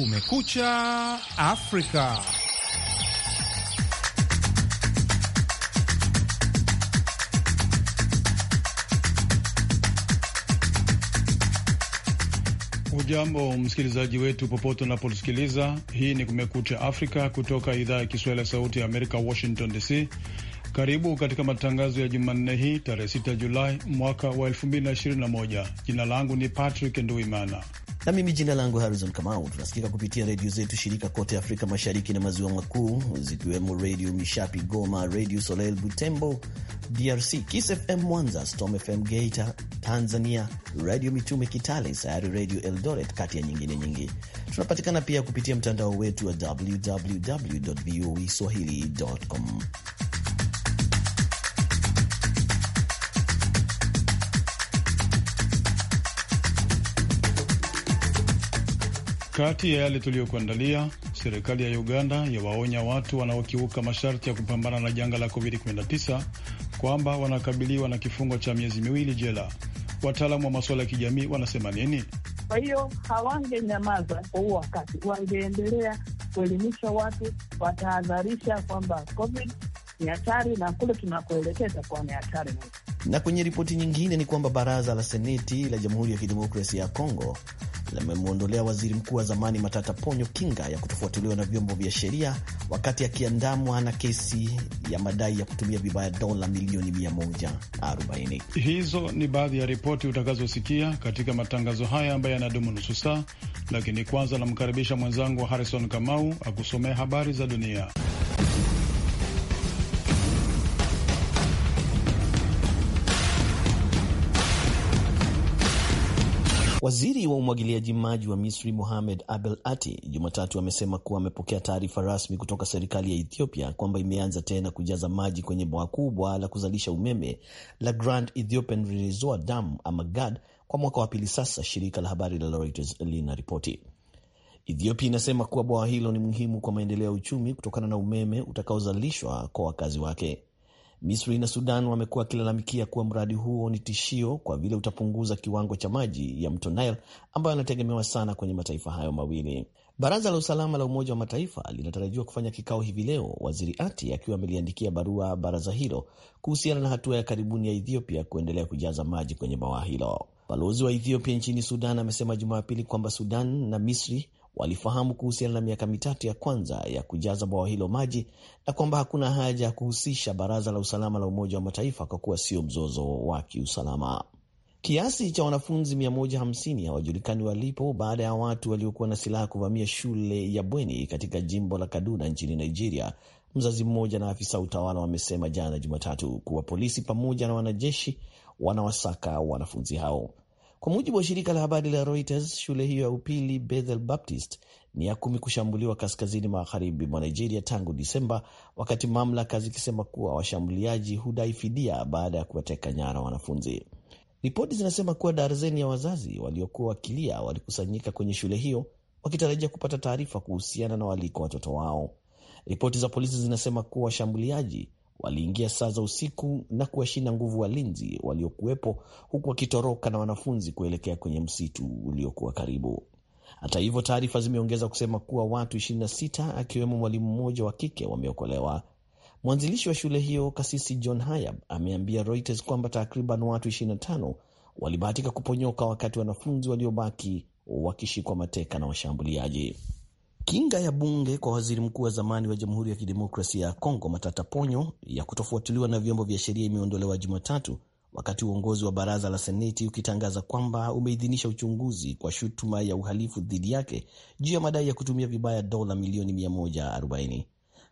Kumekucha Afrika. Ujambo msikilizaji wetu popote unapotusikiliza. Hii ni Kumekucha Afrika kutoka idhaa ya Kiswahili ya Sauti ya Amerika, Washington DC. Karibu katika matangazo ya Jumanne hii tarehe 6 Julai mwaka wa 2021. Jina langu ni Patrick Nduimana na mimi jina langu Harrison Kamau. Tunasikika kupitia redio zetu shirika kote Afrika Mashariki na Maziwa Makuu, zikiwemo Redio Mishapi Goma, Redio Soleil Butembo DRC, Kis FM Mwanza, Storm FM Geita Tanzania, Redio Mitume Kitale, Sayari Redio Eldoret, kati ya nyingine nyingi. Tunapatikana pia kupitia mtandao wetu wa www voa e swahili.com. Kati ya yale tuliyokuandalia, serikali ya Uganda yawaonya watu wanaokiuka masharti ya kupambana na janga la COVID-19 kwamba wanakabiliwa na kifungo cha miezi miwili jela. Wataalamu wa masuala ya kijamii wanasema nini? Kwa hiyo hawangenyamaza kwa huu wakati, wangeendelea kuelimisha watu, watahadharisha kwamba COVID ni hatari na kule tunakuelekeza kuwa ni hatari. Na kwenye ripoti nyingine ni kwamba baraza la seneti la Jamhuri ya Kidemokrasia ya Kongo limemwondolea waziri mkuu wa zamani Matata Ponyo kinga ya kutofuatiliwa na vyombo vya sheria wakati akiandamwa na kesi ya madai ya kutumia vibaya dola milioni 140. Hizo ni baadhi ya ripoti utakazosikia katika matangazo haya ambayo yanadumu nusu saa, lakini kwanza namkaribisha mwenzangu Harrison Kamau akusomea habari za dunia. Waziri wa umwagiliaji maji wa Misri Mohamed Abel Ati Jumatatu amesema kuwa amepokea taarifa rasmi kutoka serikali ya Ethiopia kwamba imeanza tena kujaza maji kwenye bwawa kubwa la kuzalisha umeme la Grand Ethiopian Reservoir Dam ama GAD kwa mwaka wa pili sasa, shirika la habari la Reuters linaripoti. Ethiopia inasema kuwa bwawa hilo ni muhimu kwa maendeleo ya uchumi kutokana na umeme utakaozalishwa kwa wakazi wake. Misri na Sudan wamekuwa wakilalamikia kuwa mradi huo ni tishio kwa vile utapunguza kiwango cha maji ya mto Nile ambayo yanategemewa sana kwenye mataifa hayo mawili. Baraza la usalama la Umoja wa Mataifa linatarajiwa kufanya kikao hivi leo, waziri Ati akiwa ameliandikia barua baraza hilo kuhusiana na hatua ya karibuni ya Ethiopia kuendelea kujaza maji kwenye bawa hilo. Balozi wa Ethiopia nchini Sudan amesema Jumapili kwamba Sudan na Misri walifahamu kuhusiana na miaka mitatu ya kwanza ya kujaza bwawa hilo maji na kwamba hakuna haja ya kuhusisha Baraza la Usalama la Umoja wa Mataifa kwa kuwa sio mzozo wa kiusalama. Kiasi cha wanafunzi 150 hawajulikani walipo baada ya watu waliokuwa na silaha kuvamia shule ya bweni katika jimbo la Kaduna nchini Nigeria. Mzazi mmoja na afisa utawala wamesema jana Jumatatu kuwa polisi pamoja na wanajeshi wanawasaka wanafunzi hao. Kwa mujibu wa shirika la habari la Reuters, shule hiyo ya upili Bethel Baptist ni ya kumi kushambuliwa kaskazini magharibi mwa Nigeria tangu Disemba, wakati mamlaka zikisema kuwa washambuliaji hudai fidia baada ya kuwateka nyara wanafunzi. Ripoti zinasema kuwa darzeni ya wazazi waliokuwa wakilia walikusanyika kwenye shule hiyo wakitarajia kupata taarifa kuhusiana na waliko watoto wao. Ripoti za polisi zinasema kuwa washambuliaji waliingia saa za usiku na kuwashinda nguvu walinzi waliokuwepo huku wakitoroka na wanafunzi kuelekea kwenye msitu uliokuwa karibu. Hata hivyo, taarifa zimeongeza kusema kuwa watu 26 akiwemo mwalimu mmoja wa kike wameokolewa. Mwanzilishi wa shule hiyo Kasisi John Hayab ameambia Reuters kwamba takriban watu 25 walibahatika kuponyoka wakati wanafunzi waliobaki wakishikwa mateka na washambuliaji. Kinga ya bunge kwa waziri mkuu wa zamani wa Jamhuri ya Kidemokrasia ya Kongo Matata Ponyo ya kutofuatiliwa na vyombo vya sheria imeondolewa Jumatatu wakati uongozi wa baraza la seneti ukitangaza kwamba umeidhinisha uchunguzi kwa shutuma ya uhalifu dhidi yake juu ya madai ya kutumia vibaya dola milioni 140.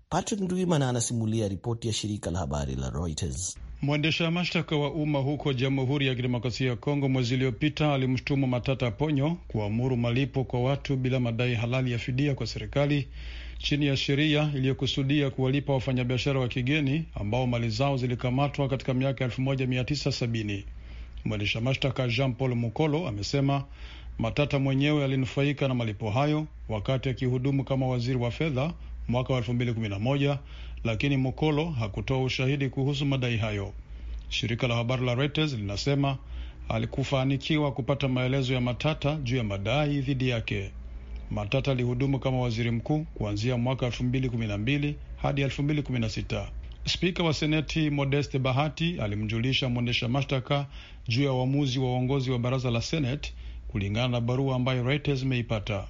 Patrick Ndwimana anasimulia ripoti ya shirika la habari la Reuters. Mwendesha mashtaka wa umma huko Jamhuri ya Kidemokrasia ya Kongo mwezi uliopita alimshutumu Matata Ponyo kuamuru malipo kwa watu bila madai halali ya fidia kwa serikali chini ya sheria iliyokusudia kuwalipa wafanyabiashara wa kigeni ambao mali zao zilikamatwa katika miaka 1970. Mwendesha mashtaka Jean Paul Mukolo amesema Matata mwenyewe alinufaika na malipo hayo wakati akihudumu kama waziri wa fedha mwaka wa 2011 lakini Mokolo hakutoa ushahidi kuhusu madai hayo. Shirika la habari la Reuters linasema alikufanikiwa kupata maelezo ya Matata juu ya madai dhidi yake. Matata alihudumu kama waziri mkuu kuanzia mwaka 2012 hadi 2016. Spika wa Seneti Modeste Bahati alimjulisha mwendesha mashtaka juu ya uamuzi wa uongozi wa baraza la Seneti kulingana na barua ambayo Reuters imeipata.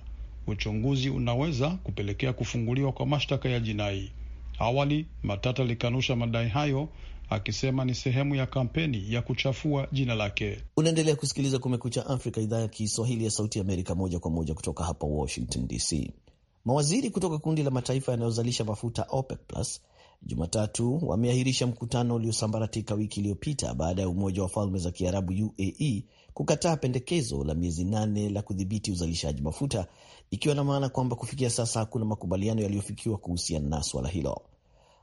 Uchunguzi unaweza kupelekea kufunguliwa kwa mashtaka ya jinai. Awali Matata alikanusha madai hayo akisema ni sehemu ya kampeni ya kuchafua jina lake. Unaendelea kusikiliza Kumekucha Afrika, idhaa ya Kiswahili ya Sauti Amerika, moja kwa moja kutoka hapa Washington DC. Mawaziri kutoka kundi la mataifa yanayozalisha mafuta OPEC Plus Jumatatu wameahirisha mkutano uliosambaratika wiki iliyopita baada ya Umoja wa Falme za Kiarabu UAE kukataa pendekezo la miezi nane la kudhibiti uzalishaji mafuta, ikiwa na maana kwamba kufikia sasa hakuna makubaliano yaliyofikiwa kuhusiana na swala hilo.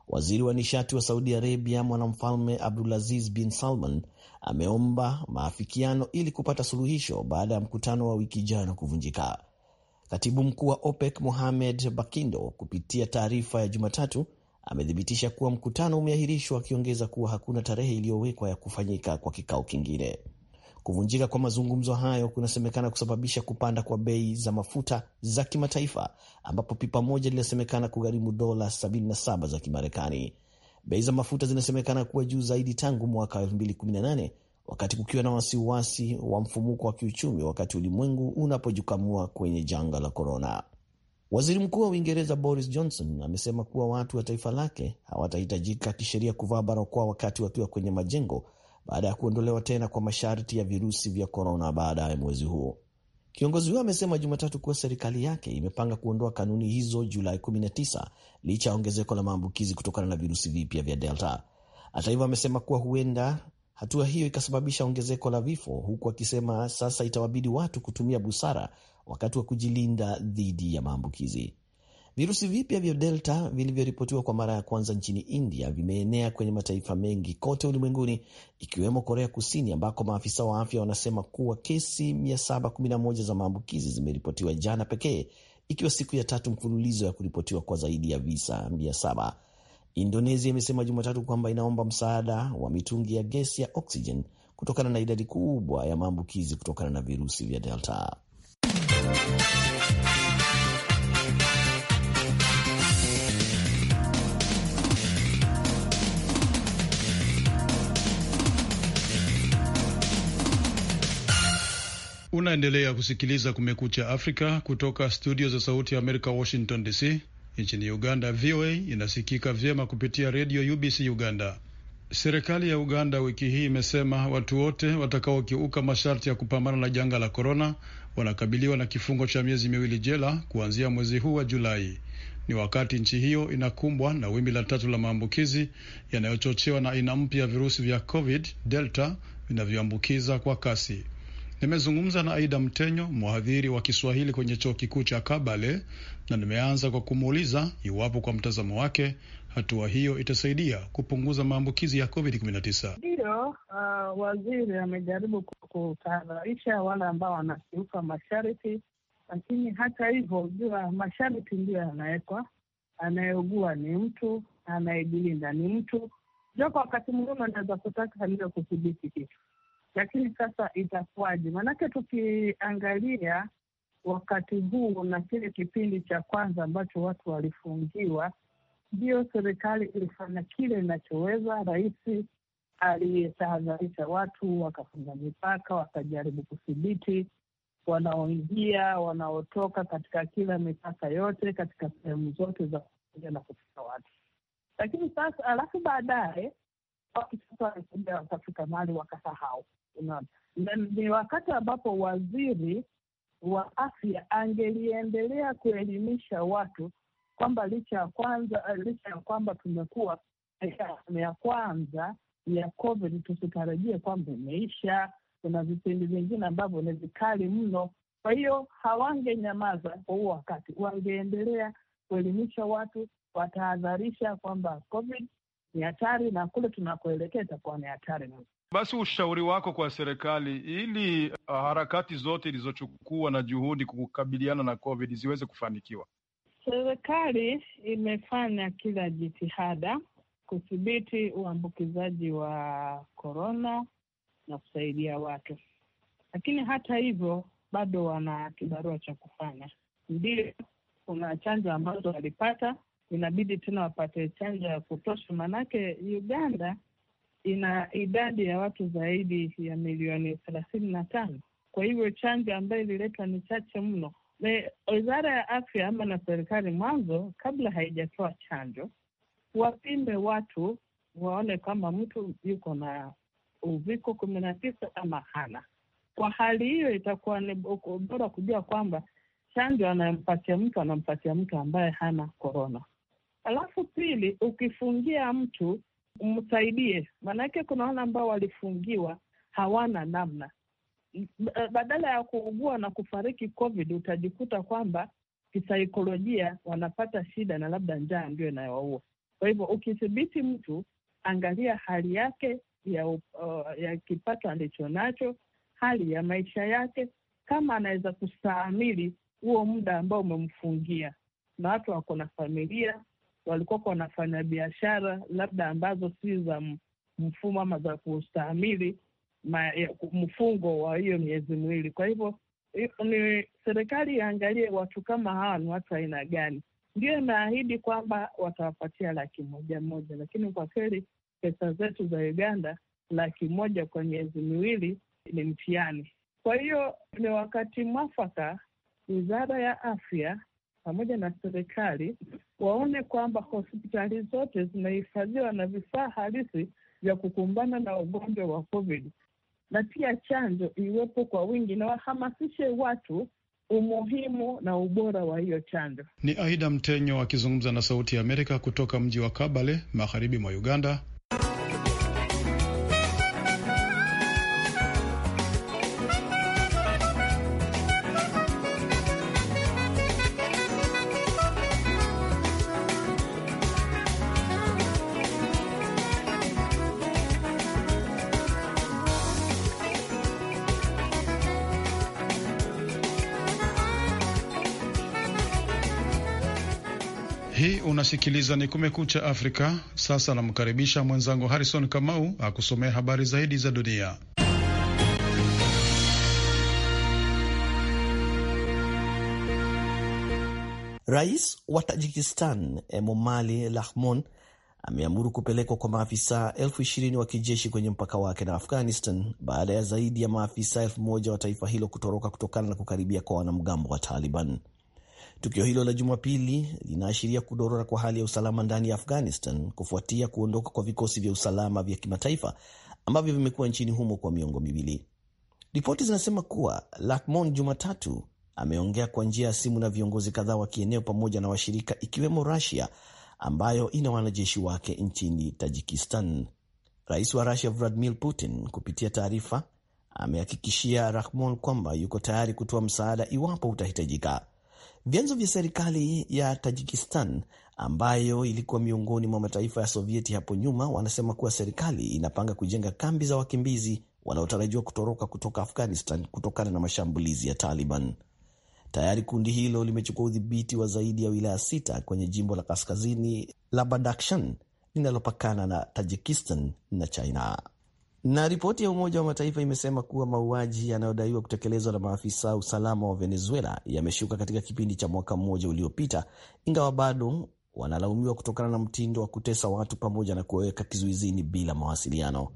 Waziri wa nishati wa Saudi Arabia, mwanamfalme Abdulaziz bin Salman, ameomba maafikiano ili kupata suluhisho baada ya mkutano wa wiki jana kuvunjika. Katibu mkuu wa OPEC Mohamed Bakindo, kupitia taarifa ya Jumatatu, amethibitisha kuwa mkutano umeahirishwa, akiongeza kuwa hakuna tarehe iliyowekwa ya kufanyika kwa kikao kingine. Kuvunjika kwa mazungumzo hayo kunasemekana kusababisha kupanda kwa bei za mafuta za kimataifa ambapo pipa moja linasemekana kugharimu dola 77 za Kimarekani. Bei za mafuta zinasemekana kuwa juu zaidi tangu mwaka 2018 wakati kukiwa na wasiwasi wa mfumuko wa kiuchumi wakati ulimwengu unapojukamua kwenye janga la korona. Waziri Mkuu wa Uingereza Boris Johnson amesema kuwa watu wa taifa lake hawatahitajika kisheria kuvaa barakoa wakati wakiwa kwenye majengo baada ya kuondolewa tena kwa masharti ya virusi vya korona baadaye mwezi huo. Kiongozi huyo amesema Jumatatu kuwa serikali yake imepanga kuondoa kanuni hizo Julai 19 licha ya ongezeko la maambukizi kutokana na virusi vipya vya Delta. Hata hivyo, amesema kuwa huenda hatua hiyo ikasababisha ongezeko la vifo, huku akisema sasa itawabidi watu kutumia busara wakati wa kujilinda dhidi ya maambukizi. Virusi vipya vya Delta vilivyoripotiwa kwa mara ya kwanza nchini India vimeenea kwenye mataifa mengi kote ulimwenguni ikiwemo Korea Kusini, ambako maafisa wa afya wanasema kuwa kesi 711 za maambukizi zimeripotiwa jana pekee, ikiwa siku ya tatu mfululizo ya kuripotiwa kwa zaidi ya visa 700. Indonesia imesema Jumatatu kwamba inaomba msaada wa mitungi ya gesi ya oksijeni kutokana na idadi kubwa ya maambukizi kutokana na virusi vya Delta. Unaendelea kusikiliza Kumekucha Afrika kutoka studio za Sauti ya Amerika, Washington DC. Nchini Uganda, VOA inasikika vyema kupitia redio UBC Uganda. Serikali ya Uganda wiki hii imesema watu wote watakaokiuka masharti ya kupambana na janga la korona wanakabiliwa na kifungo cha miezi miwili jela kuanzia mwezi huu wa Julai. Ni wakati nchi hiyo inakumbwa na wimbi la tatu la maambukizi yanayochochewa na aina mpya ya virusi vya COVID Delta vinavyoambukiza kwa kasi. Nimezungumza na Aida Mtenyo, mhadhiri wa Kiswahili kwenye chuo kikuu cha Kabale, na nimeanza kwa kumuuliza iwapo kwa mtazamo wake hatua hiyo itasaidia kupunguza maambukizi ya COVID-19. Ndiyo, uh, waziri amejaribu kutahadharisha wale ambao wanakiuka masharti, lakini hata hivyo, jua masharti ndiyo yanawekwa. Anayeugua ni mtu, anayejilinda ni mtu, japo wakati mwingine anaweza kutaka aliyo kudhibiti kitu lakini sasa itakuwaje? Maanake tukiangalia wakati huu na kile kipindi cha kwanza ambacho watu walifungiwa, ndiyo serikali ilifanya kile inachoweza. Rais aliyetahadharisha watu, wakafunga mipaka, wakajaribu kudhibiti wanaoingia, wanaotoka katika kila mipaka yote, katika sehemu zote za kuingia na kufika watu. Lakini sasa alafu baadaye watu sasa walikuja wakafika mali wakasahau unaona, na ni wakati ambapo waziri wa afya angeliendelea kuelimisha watu kwamba licha ya kwanza licha ya kwamba tumekuwa ya kwanza ya COVID, tusitarajie kwamba imeisha. Kuna vipindi vingine ambavyo ni vikali mno. Kwa hiyo hawangenyamaza kwa huo wakati, wangeendelea kuelimisha watu, watahadharisha kwamba COVID ni hatari na kule tunakoelekea itakuwa ni hatari mno. Basi ushauri wako kwa serikali ili uh, harakati zote ilizochukua na juhudi kukabiliana na COVID ziweze kufanikiwa? Serikali imefanya kila jitihada kudhibiti uambukizaji wa korona na kusaidia watu, lakini hata hivyo bado wana kibarua cha kufanya. Ndio kuna chanjo ambazo walipata, inabidi tena wapate chanjo ya kutosha, maanake Uganda ina idadi ya watu zaidi ya milioni thelathini na tano. Kwa hivyo chanjo ambayo ililetwa ni chache mno. Wizara ya Afya ama na serikali mwanzo, kabla haijatoa chanjo, wapime watu waone kama mtu yuko na uviko kumi na tisa ama hana. Kwa hali hiyo, itakuwa ni bora kujua kwamba chanjo anayempatia mtu anampatia mtu ambaye hana korona. Alafu pili, ukifungia mtu msaidie, maanake kuna wale ambao walifungiwa hawana namna. Badala ya kuugua na kufariki COVID, utajikuta kwamba kisaikolojia wanapata shida na labda njaa ndio inayowaua. Kwa hivyo ukithibiti mtu, angalia hali yake ya, uh, ya kipato nacho, hali ya maisha yake, kama anaweza kustahimili huo muda ambao umemfungia, na watu wako na familia walikuwa wanafanya biashara labda ambazo si za mfumo ama za kustahamili mfungo wa hiyo miezi miwili. Kwa hivyo ni serikali iangalie watu kama hawa ni watu aina gani. Ndio imeahidi kwamba watawapatia laki moja moja, lakini kwa kweli pesa zetu za Uganda laki moja kwa miezi miwili ni mtihani. Kwa hiyo ni wakati mwafaka wizara ya afya pamoja na serikali waone kwamba hospitali zote zinahifadhiwa na vifaa halisi vya kukumbana na ugonjwa wa COVID na pia chanjo iwepo kwa wingi na wahamasishe watu umuhimu na ubora wa hiyo chanjo. Ni Aida Mtenyo akizungumza na Sauti ya Amerika kutoka mji wa Kabale, magharibi mwa Uganda, hii unasikiliza ni Kumekucha Afrika. Sasa namkaribisha mwenzangu Harrison Kamau akusomea habari zaidi za dunia. Rais wa Tajikistan Emomali Rahmon ameamuru kupelekwa kwa maafisa elfu ishirini wa kijeshi kwenye mpaka wake na Afghanistan baada ya zaidi ya maafisa elfu moja wa taifa hilo kutoroka kutokana na kukaribia kwa wanamgambo wa Taliban. Tukio hilo la Jumapili linaashiria kudorora kwa hali ya usalama ndani ya Afghanistan kufuatia kuondoka kwa vikosi vya usalama vya kimataifa ambavyo vimekuwa nchini humo kwa miongo miwili. Ripoti zinasema kuwa Lakmon Jumatatu ameongea kwa njia ya simu na viongozi kadhaa wa kieneo pamoja na washirika ikiwemo Rusia ambayo ina wanajeshi wake nchini Tajikistan. Rais wa Rusia Vladimir Putin kupitia taarifa amehakikishia Rahmon kwamba yuko tayari kutoa msaada iwapo utahitajika. Vyanzo vya serikali ya Tajikistan ambayo ilikuwa miongoni mwa mataifa ya Sovieti hapo nyuma wanasema kuwa serikali inapanga kujenga kambi za wakimbizi wanaotarajiwa kutoroka kutoka Afghanistan kutokana na mashambulizi ya Taliban. Tayari kundi hilo limechukua udhibiti wa zaidi ya wilaya sita kwenye jimbo la kaskazini la Badakhshan linalopakana na Tajikistan na China. Na ripoti ya Umoja wa Mataifa imesema kuwa mauaji yanayodaiwa kutekelezwa na maafisa usalama wa Venezuela yameshuka katika kipindi cha mwaka mmoja uliopita, ingawa bado wanalaumiwa kutokana na mtindo wa kutesa watu pamoja na kuwaweka kizuizini bila mawasiliano.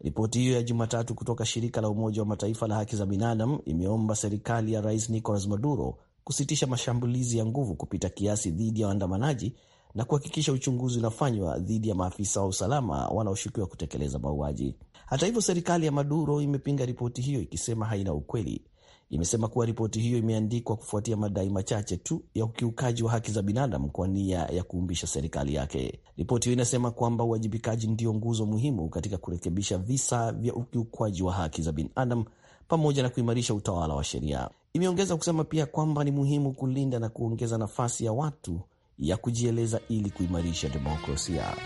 Ripoti hiyo ya Jumatatu kutoka shirika la Umoja wa Mataifa la haki za binadamu imeomba serikali ya Rais Nicolas Maduro kusitisha mashambulizi ya nguvu kupita kiasi dhidi ya waandamanaji na kuhakikisha uchunguzi unafanywa dhidi ya maafisa wa usalama wanaoshukiwa kutekeleza mauaji. Hata hivyo, serikali ya Maduro imepinga ripoti hiyo ikisema haina ukweli. Imesema kuwa ripoti hiyo imeandikwa kufuatia madai machache tu ya ukiukaji wa haki za binadamu kwa nia ya kuumbisha serikali yake. Ripoti hiyo inasema kwamba uwajibikaji ndio nguzo muhimu katika kurekebisha visa vya ukiukwaji wa haki za binadamu pamoja na kuimarisha utawala wa sheria. Imeongeza kusema pia kwamba ni muhimu kulinda na kuongeza nafasi ya watu ya kujieleza ili kuimarisha demokrasia.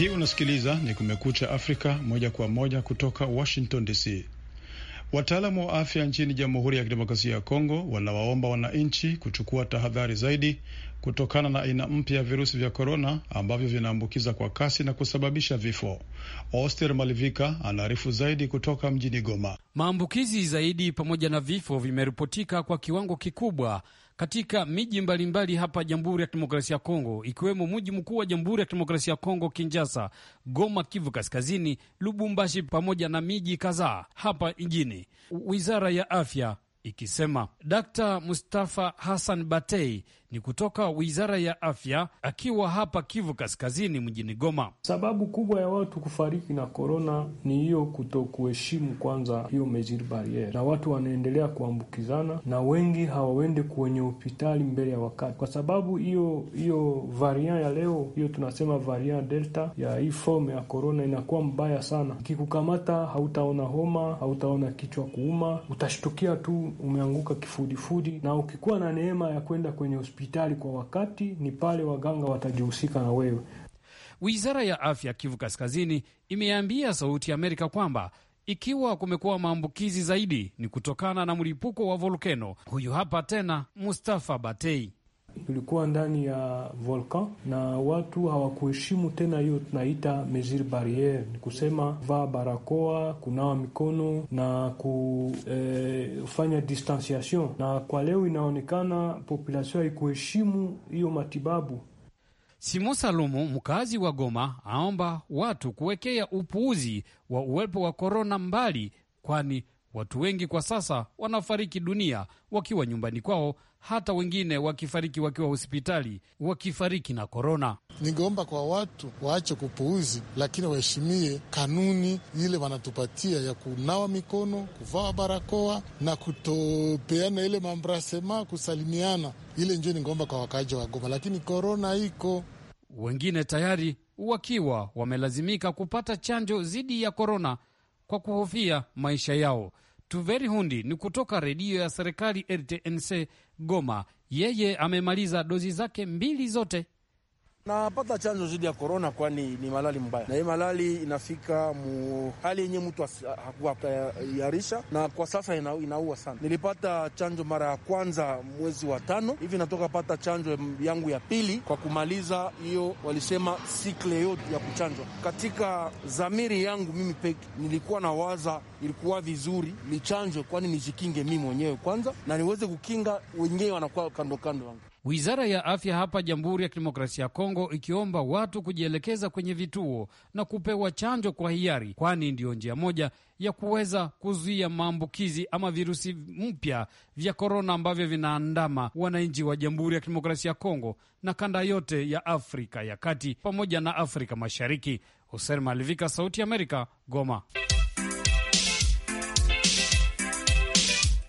Hii unasikiliza ni Kumekucha Afrika moja kwa moja kutoka Washington DC. Wataalamu wa afya nchini Jamhuri ya Kidemokrasia ya Kongo wanawaomba wananchi kuchukua tahadhari zaidi kutokana na aina mpya ya virusi vya korona ambavyo vinaambukiza kwa kasi na kusababisha vifo. Oster Malivika anaarifu zaidi kutoka mjini Goma. Maambukizi zaidi pamoja na vifo vimeripotika kwa kiwango kikubwa katika miji mbalimbali hapa Jamhuri ya Kidemokrasia ya Kongo, ikiwemo mji mkuu wa Jamhuri ya Kidemokrasia ya Kongo, Kinjasa, Goma, Kivu Kaskazini, Lubumbashi, pamoja na miji kadhaa hapa nchini. Wizara ya Afya ikisema Dkt. Mustafa Hassan Batei ni kutoka wizara ya afya, akiwa hapa Kivu Kaskazini mjini Goma. Sababu kubwa ya watu kufariki na korona ni hiyo kutokuheshimu kwanza hiyo meziri bariere, na watu wanaendelea kuambukizana na wengi hawaende kwenye hospitali mbele ya wakati, kwa sababu hiyo hiyo variant ya leo hiyo tunasema variant delta ya hii fomu ya korona inakuwa mbaya sana. Ikikukamata hautaona homa, hautaona kichwa kuuma, utashtukia tu umeanguka kifudifudi, na ukikuwa na neema ya kwenda kwenye hospitali hospitali kwa wakati ni pale waganga watajihusika na wewe. Wizara ya afya Kivu Kaskazini imeambia Sauti ya Amerika kwamba ikiwa kumekuwa maambukizi zaidi ni kutokana na mlipuko wa volkeno. Huyu hapa tena Mustafa Batei. Tulikuwa ndani ya volcan na watu hawakuheshimu tena hiyo tunaita mesure barriere, ni kusema vaa barakoa, kunawa mikono na kufanya eh, distanciation. Na kwa leo inaonekana population haikuheshimu hiyo matibabu. Simo Salumu, mkazi wa Goma, aomba watu kuwekea upuuzi wa uwepo wa korona mbali, kwani Watu wengi kwa sasa wanafariki dunia wakiwa nyumbani kwao, hata wengine wakifariki wakiwa hospitali, wakifariki na korona. Ningeomba kwa watu waache kupuuzi, lakini waheshimie kanuni ile wanatupatia ya kunawa mikono, kuvaa barakoa na kutopeana ile mambrasema, kusalimiana. Ile njio ningeomba kwa wakaaji wa Goma, lakini korona iko wengine tayari wakiwa wamelazimika kupata chanjo dhidi ya korona kwa kuhofia maisha yao. Tuveri Hundi ni kutoka redio ya serikali RTNC Goma. Yeye amemaliza dozi zake mbili zote napata chanjo zidi ya korona, kwani ni malali mbaya, na hii malali inafika mu hali yenye mtu hakuyarisha, na kwa sasa ina, inaua sana. Nilipata chanjo mara ya kwanza mwezi wa tano hivi, natoka pata chanjo yangu ya pili kwa kumaliza hiyo, walisema sikle yote ya kuchanjwa. Katika zamiri yangu mimi peke nilikuwa na waza, ilikuwa vizuri nichanjwe, kwani nijikinge mimi mwenyewe kwanza na niweze kukinga wengine wanakuwa kando kando Wizara ya afya hapa Jamhuri ya Kidemokrasia ya Kongo ikiomba watu kujielekeza kwenye vituo na kupewa chanjo kwa hiari, kwani ndiyo njia moja ya kuweza kuzuia maambukizi ama virusi mpya vya korona ambavyo vinaandama wananchi wa Jamhuri ya Kidemokrasia ya Kongo na kanda yote ya Afrika ya Kati pamoja na Afrika Mashariki. Hosen Malivika, Sauti ya Amerika, Goma.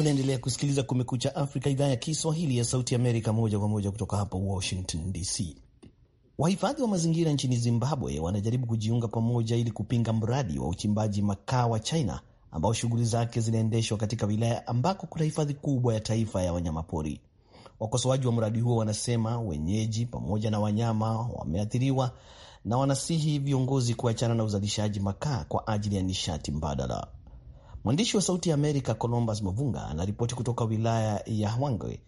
Unaendelea kusikiliza Kumekucha Afrika, idhaa ya Kiswahili ya Sauti Amerika, moja kwa moja kutoka hapa Washington DC. Wahifadhi wa mazingira nchini Zimbabwe wanajaribu kujiunga pamoja ili kupinga mradi wa uchimbaji makaa wa China ambao shughuli zake zinaendeshwa katika wilaya ambako kuna hifadhi kubwa ya taifa ya wanyamapori. Wakosoaji wa mradi huo wanasema wenyeji pamoja na wanyama wameathiriwa na wanasihi viongozi kuachana na uzalishaji makaa kwa ajili ya nishati mbadala. Mwandishi wa Sauti ya Amerika Columbus Mavunga anaripoti kutoka wilaya ya Hwangwe,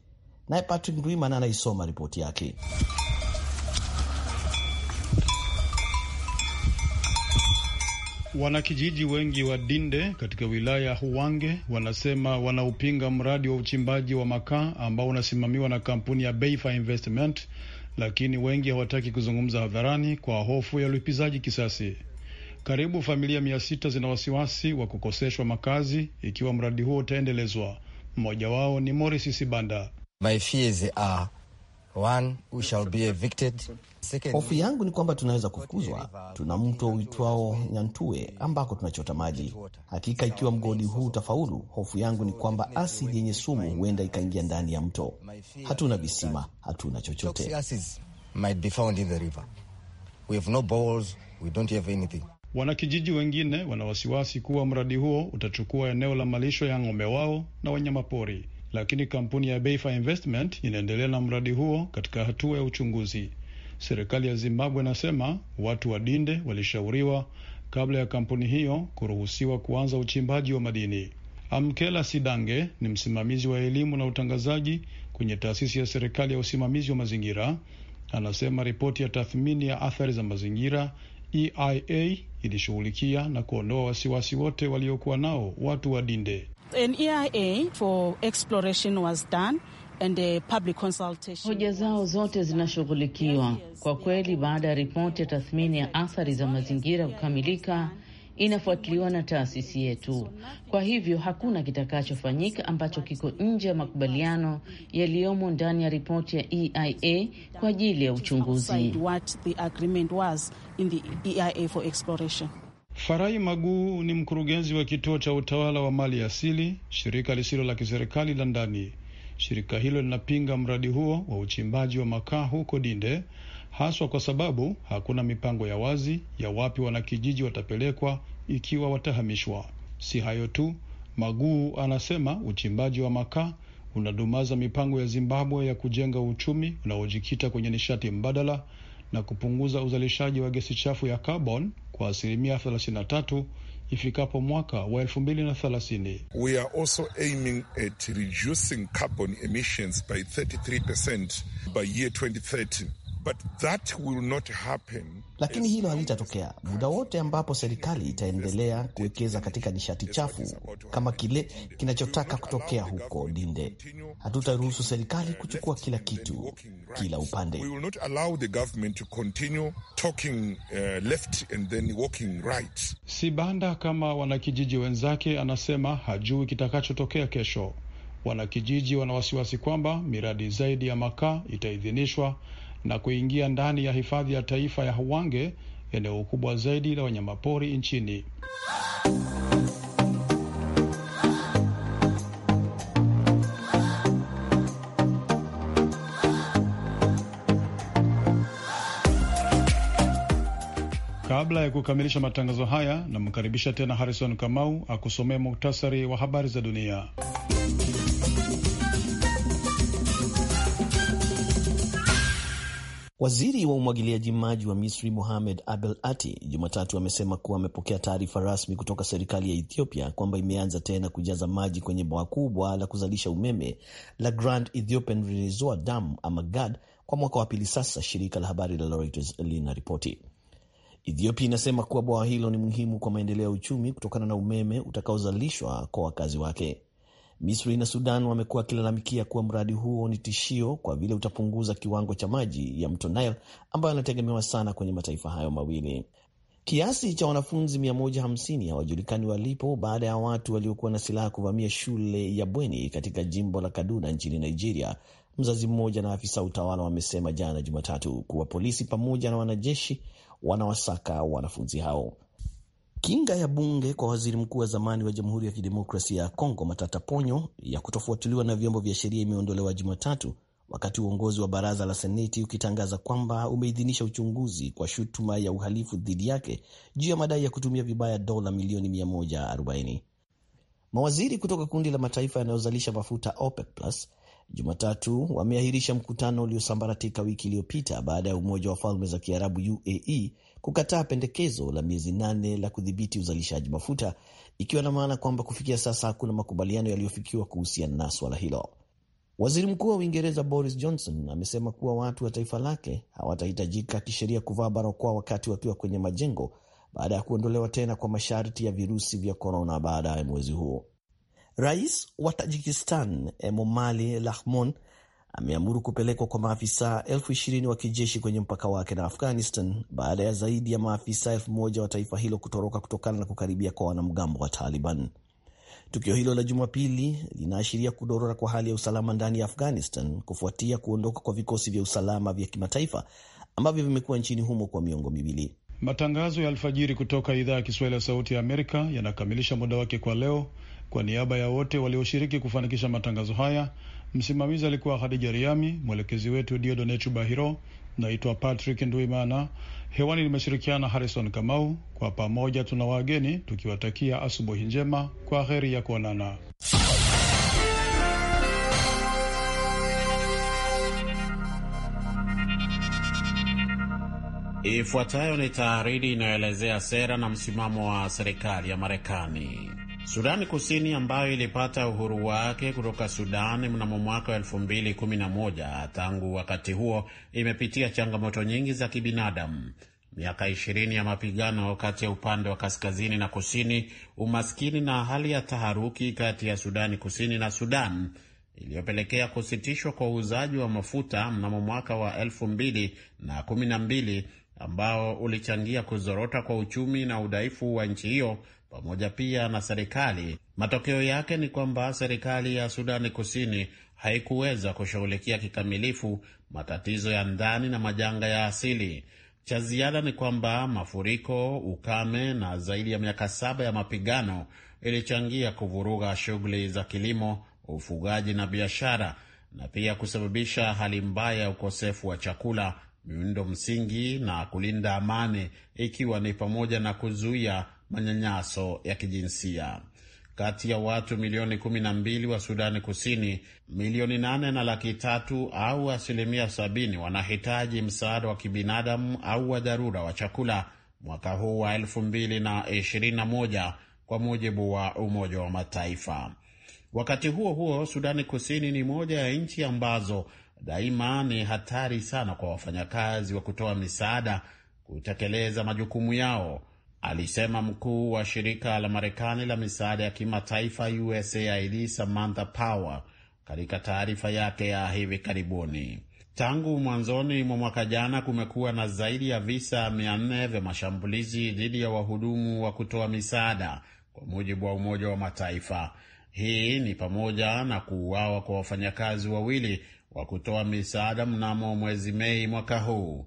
naye Patrick Ndwimana anaisoma ripoti yake. Wanakijiji wengi wa Dinde katika wilaya ya Huwange wanasema wanaupinga mradi wa uchimbaji wa makaa ambao unasimamiwa na kampuni ya Beifa Investment, lakini wengi hawataki kuzungumza hadharani kwa hofu ya ulipizaji kisasi. Karibu familia mia sita zina wasiwasi wa kukoseshwa makazi ikiwa mradi huo utaendelezwa. Mmoja wao ni Morris Sibanda. Hofu yangu ni kwamba tunaweza kufukuzwa. Tuna mto uitwao Nyantue ambako tunachota maji. Hakika ikiwa mgodi huu utafaulu, hofu yangu ni kwamba asidi yenye sumu huenda ikaingia ndani ya mto. Hatuna visima, hatuna chochote. Wanakijiji wengine wana wasiwasi kuwa mradi huo utachukua eneo la malisho ya ng'ombe wao na wanyamapori, lakini kampuni ya Beifa Investment inaendelea na mradi huo katika hatua ya uchunguzi. Serikali ya Zimbabwe inasema watu wa Dinde walishauriwa kabla ya kampuni hiyo kuruhusiwa kuanza uchimbaji wa madini. Amkela Sidange ni msimamizi wa elimu na utangazaji kwenye taasisi ya serikali ya usimamizi wa mazingira. Anasema ripoti ya tathmini ya athari za mazingira EIA ilishughulikia na kuondoa wasiwasi wote waliokuwa nao watu wa Dinde. E Hoja zao zote zinashughulikiwa kwa kweli. Baada ya ripoti ya tathmini ya athari za mazingira kukamilika, inafuatiliwa na taasisi yetu. Kwa hivyo hakuna kitakachofanyika ambacho kiko nje ya makubaliano yaliyomo ndani ya ripoti ya EIA kwa ajili ya uchunguzi. E Farai Maguu ni mkurugenzi wa kituo cha utawala wa mali asili, shirika lisilo la kiserikali la ndani. Shirika hilo linapinga mradi huo wa uchimbaji wa makaa huko Dinde haswa kwa sababu hakuna mipango ya wazi ya wapi wanakijiji watapelekwa ikiwa watahamishwa. Si hayo tu, Maguu anasema uchimbaji wa makaa unadumaza mipango ya Zimbabwe ya kujenga uchumi unaojikita kwenye nishati mbadala na kupunguza uzalishaji wa gesi chafu ya carbon kwa asilimia 33 ifikapo mwaka wa We are also aiming at reducing carbon emissions by 33% by year But that will not happen, lakini hilo halitatokea muda wote ambapo serikali itaendelea kuwekeza katika nishati chafu kama kile kinachotaka kutokea huko dinde Hatutaruhusu serikali kuchukua kila kitu kila upande. We will not allow the government to continue talking, uh, left and then walking right. Sibanda kama wanakijiji wenzake anasema hajui kitakachotokea kesho. Wanakijiji wana wasiwasi kwamba miradi zaidi ya makaa itaidhinishwa na kuingia ndani ya hifadhi ya taifa ya Hwange, eneo kubwa zaidi la wanyamapori nchini. Kabla ya kukamilisha matangazo haya, namkaribisha tena Harrison Kamau akusomea muhtasari wa habari za dunia. Waziri wa umwagiliaji maji wa Misri Mohamed Abel Ati Jumatatu amesema kuwa amepokea taarifa rasmi kutoka serikali ya Ethiopia kwamba imeanza tena kujaza maji kwenye bwawa kubwa la kuzalisha umeme la Grand Ethiopian Reservoir Dam ama GAD kwa mwaka wa pili sasa, shirika la habari la Reuters linaripoti. Ethiopia inasema kuwa bwawa hilo ni muhimu kwa maendeleo ya uchumi kutokana na umeme utakaozalishwa kwa wakazi wake. Misri na Sudan wamekuwa wakilalamikia kuwa mradi huo ni tishio kwa vile utapunguza kiwango cha maji ya mto Nile ambayo anategemewa sana kwenye mataifa hayo mawili. Kiasi cha wanafunzi 150 hawajulikani walipo baada ya watu waliokuwa na silaha kuvamia shule ya bweni katika jimbo la Kaduna nchini Nigeria. Mzazi mmoja na afisa utawala wamesema jana Jumatatu kuwa polisi pamoja na wanajeshi wanawasaka wanafunzi hao. Kinga ya bunge kwa waziri mkuu wa zamani wa Jamhuri ya Kidemokrasia ya Kongo Matata Ponyo ya kutofuatiliwa na vyombo vya sheria imeondolewa Jumatatu wakati uongozi wa baraza la seneti ukitangaza kwamba umeidhinisha uchunguzi kwa shutuma ya uhalifu dhidi yake juu ya madai ya kutumia vibaya dola milioni 140. Mawaziri kutoka kundi la mataifa yanayozalisha mafuta OPEC Plus Jumatatu wameahirisha mkutano uliosambaratika wiki iliyopita baada ya Umoja wa Falme za Kiarabu UAE kukataa pendekezo la miezi nane la kudhibiti uzalishaji mafuta, ikiwa na maana kwamba kufikia sasa hakuna makubaliano yaliyofikiwa kuhusiana na swala hilo. Waziri Mkuu wa Uingereza Boris Johnson amesema kuwa watu wa taifa lake hawatahitajika kisheria kuvaa barakoa wakati wakiwa kwenye majengo baada ya kuondolewa tena kwa masharti ya virusi vya korona baadaye mwezi huo. Rais wa Tajikistan Emomali Rahmon ameamuru kupelekwa kwa maafisa elfu ishirini wa kijeshi kwenye mpaka wake na Afghanistan baada ya zaidi ya maafisa elfu moja wa taifa hilo kutoroka kutokana na kukaribia kwa wanamgambo wa Taliban. Tukio hilo la Jumapili linaashiria kudorora kwa hali ya usalama ndani ya Afghanistan kufuatia kuondoka kwa vikosi vya usalama vya kimataifa ambavyo vimekuwa nchini humo kwa miongo miwili. Matangazo ya alfajiri kutoka idhaa ya Kiswahili ya Sauti ya Amerika yanakamilisha muda wake kwa leo. Kwa niaba ya wote walioshiriki kufanikisha matangazo haya, msimamizi alikuwa Hadija Riami, mwelekezi wetu Diodone Chubahiro. Naitwa Patrick Nduimana, hewani nimeshirikiana Harrison Kamau. Kwa pamoja tuna wageni tukiwatakia asubuhi njema, kwa heri ya kuonana. Ifuatayo ni tahariri inayoelezea sera na msimamo wa serikali ya Marekani. Sudani Kusini ambayo ilipata uhuru wake kutoka Sudan mnamo mwaka wa 2011 tangu wakati huo imepitia changamoto nyingi za kibinadamu: miaka ishirini ya mapigano kati ya upande wa kaskazini na kusini, umaskini na hali ya taharuki kati ya Sudani Kusini na Sudan iliyopelekea kusitishwa kwa uuzaji wa mafuta mnamo mwaka wa elfu mbili na kumi na mbili ambao ulichangia kuzorota kwa uchumi na udhaifu wa nchi hiyo pamoja pia na serikali. Matokeo yake ni kwamba serikali ya Sudani Kusini haikuweza kushughulikia kikamilifu matatizo ya ndani na majanga ya asili. Cha ziada ni kwamba mafuriko, ukame na zaidi ya miaka saba ya mapigano ilichangia kuvuruga shughuli za kilimo, ufugaji na biashara na pia kusababisha hali mbaya ya ukosefu wa chakula, miundo msingi na kulinda amani, ikiwa ni pamoja na kuzuia manyanyaso ya kijinsia. Kati ya watu milioni 12 wa Sudani Kusini, milioni 8 na laki tatu au asilimia 70 wanahitaji msaada wa kibinadamu au wa dharura wa chakula mwaka huu wa 221 kwa mujibu wa Umoja wa Mataifa. Wakati huo huo, Sudani Kusini ni moja ya nchi ambazo daima ni hatari sana kwa wafanyakazi wa kutoa misaada kutekeleza majukumu yao alisema mkuu wa shirika la Marekani la misaada ya kimataifa USAID Samantha Power katika taarifa yake ya hivi karibuni. Tangu mwanzoni mwa mwaka jana kumekuwa na zaidi ya visa 400 vya mashambulizi dhidi ya wahudumu wa kutoa misaada kwa mujibu wa Umoja wa Mataifa. Hii ni pamoja na kuuawa kwa wafanyakazi wawili wa kutoa misaada mnamo mwezi Mei mwaka huu.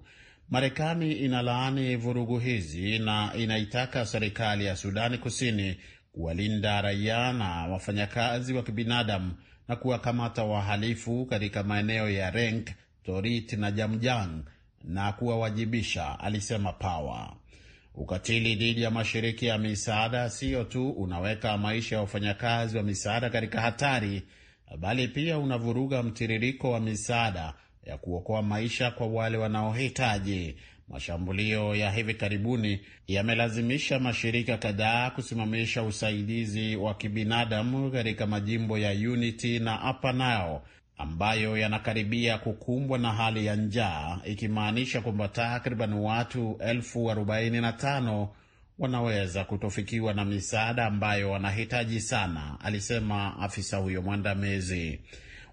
Marekani inalaani vurugu hizi na inaitaka serikali ya Sudani Kusini kuwalinda raia na wafanyakazi wa kibinadamu na kuwakamata wahalifu katika maeneo ya Renk, Torit na Jamjang na kuwawajibisha, alisema Power. Ukatili dhidi ya mashirika ya misaada siyo tu unaweka maisha ya wafanyakazi wa misaada katika hatari, bali pia unavuruga mtiririko wa misaada ya kuokoa maisha kwa wale wanaohitaji. Mashambulio ya hivi karibuni yamelazimisha mashirika kadhaa kusimamisha usaidizi wa kibinadamu katika majimbo ya Unity na Upper Nile ambayo yanakaribia kukumbwa na hali ya njaa, ikimaanisha kwamba takriban watu elfu arobaini na tano wanaweza kutofikiwa na misaada ambayo wanahitaji sana, alisema afisa huyo mwandamizi.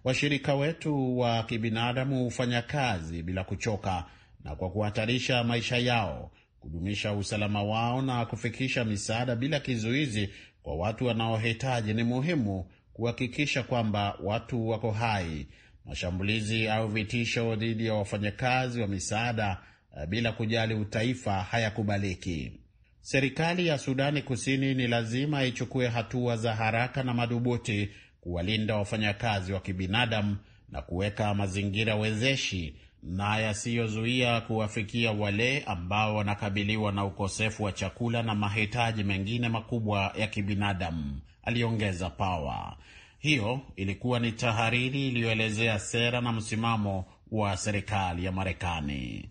Washirika wetu wa kibinadamu hufanya kazi bila kuchoka na kwa kuhatarisha maisha yao kudumisha usalama wao na kufikisha misaada bila kizuizi kwa watu wanaohitaji. Ni muhimu kuhakikisha kwamba watu wako hai. Mashambulizi au vitisho dhidi ya wafanyakazi wa misaada eh, bila kujali utaifa hayakubaliki. Serikali ya Sudani Kusini ni lazima ichukue hatua za haraka na madhubuti kuwalinda wafanyakazi wa kibinadamu na kuweka mazingira wezeshi na yasiyozuia kuwafikia wale ambao wanakabiliwa na ukosefu wa chakula na mahitaji mengine makubwa ya kibinadamu, aliongeza Pawa. Hiyo ilikuwa ni tahariri iliyoelezea sera na msimamo wa serikali ya Marekani.